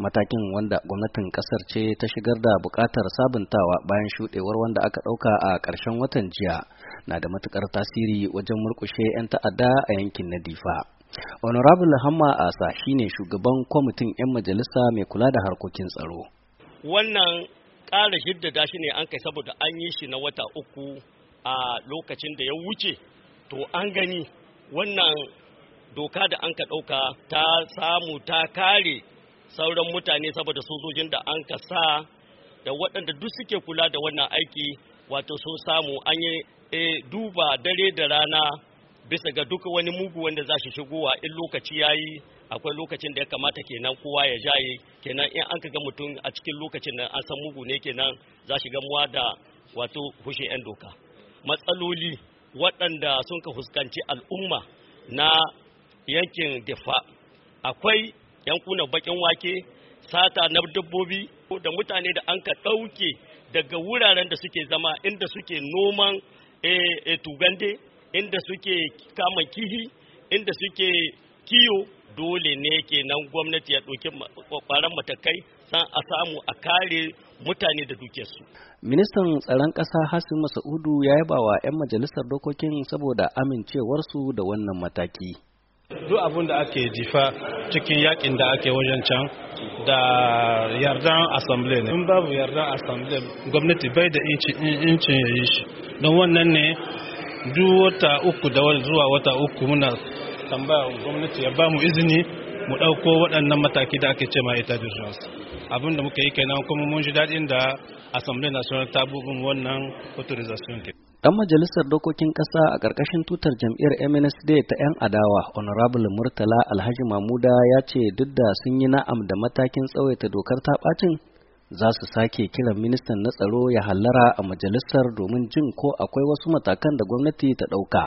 matakin wanda gwamnatin kasar ce ta shigar da bukatar sabuntawa bayan shudewar wanda aka dauka a ƙarshen watan jiya na da matukar tasiri wajen murkushe 'yan ta'adda a yankin na difa honorable hamma asa shine shugaban kwamitin 'yan majalisa mai kula da harkokin tsaro wannan ƙara shiddada shi ne an kai saboda an yi shi na wata uku a lokacin da ya wuce to an gani wannan doka da an ka ɗauka ta samu ta kare sauran mutane saboda sojojin da an ka sa da waɗanda duk suke kula da wannan aiki wato so samu an yi eh, duba dare da rana bisa ga duka wani mugu wanda za shi shigowa in lokaci ya yi akwai lokacin da ya kamata kenan kowa ya jaye kenan in an ga mutum a cikin lokacin nan an san mugu ne kenan za shi gamuwa da wato hushin 'yan doka matsaloli waɗanda sun ka fuskanci al'umma na yankin difa akwai 'yan kuna bakin wake sata na dabbobi da mutane da an ka ɗauke daga wuraren da suke zama inda suke noman eh, eh, tugande inda suke kama kihi inda suke kiyo dole ne ke nan gwamnati ya ɗauki ƙwaƙwaran matakai san a samu a kare mutane da dukiyarsu. Ministan tsaron ƙasa Hassan Masa'udu ya yaba wa 'yan majalisar dokokin saboda amincewarsu da wannan mataki. duk abin da ake jifa cikin yakin da ake wajen can da yardan assembly ne in babu yardan assembly gwamnati bai da incin ya yi shi don wannan ne duk wata uku da zuwa wata uku muna tambaya gwamnati ya bamu izini mu ɗauko waɗannan mataki da ake ce ma ita urgence abin da muka yi kenan kuma mun ji daɗin da assembly national ta bubin wannan authorization Dan majalisar dokokin ƙasa a ƙarƙashin tutar jam'iyyar MNSD ta 'yan adawa, Honorable Murtala Alhaji Mamuda ya ce duk da sun yi na'am da matakin tsawaita dokar ta ɓacin, za su sake kiran ministan na tsaro ya hallara a majalisar domin jin ko akwai wasu matakan da gwamnati ta ɗauka.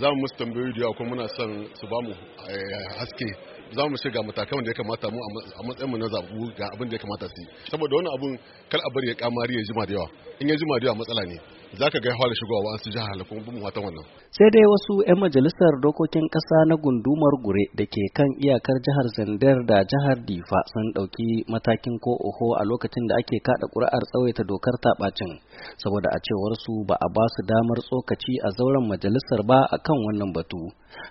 Za mu musu tambayoyi da yawa kuma muna son su ba mu eh, haske za mu shiga matakan da ya kamata mu a matsayin mu na zabu ga abin da ya kamata su yi saboda wani abun kar a bari ya kamari ya jima da yawa in ya jima da yawa matsala ne za ka ga ya fara shigowa wa'ansu jihar kuma bin wata wannan. Sai dai wasu 'yan majalisar dokokin ƙasa na gundumar gure da ke kan iyakar jihar Zandar da jihar Difa sun ɗauki matakin ko oho a lokacin da ake kaɗa ƙuri'ar tsawaita dokar taɓacin saboda a cewar su ba a ba su damar tsokaci a zauren majalisar ba a kan wannan batu.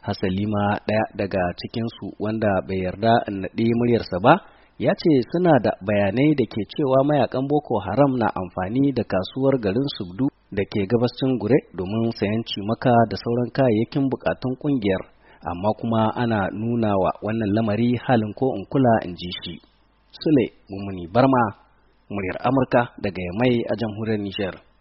Hasalima ɗaya daga cikinsu wanda bai yarda in naɗe muryarsa ba ya ce suna da bayanai da ke cewa mayakan boko haram na amfani da kasuwar garin subdu da ke gabashin gure domin sayan cimaka da sauran kayayyakin bukatun kungiyar amma kuma ana nuna wa wannan lamari halin ko in kula in ji shi sule mummuni barma muryar amurka daga mai a jamhuriyar nijar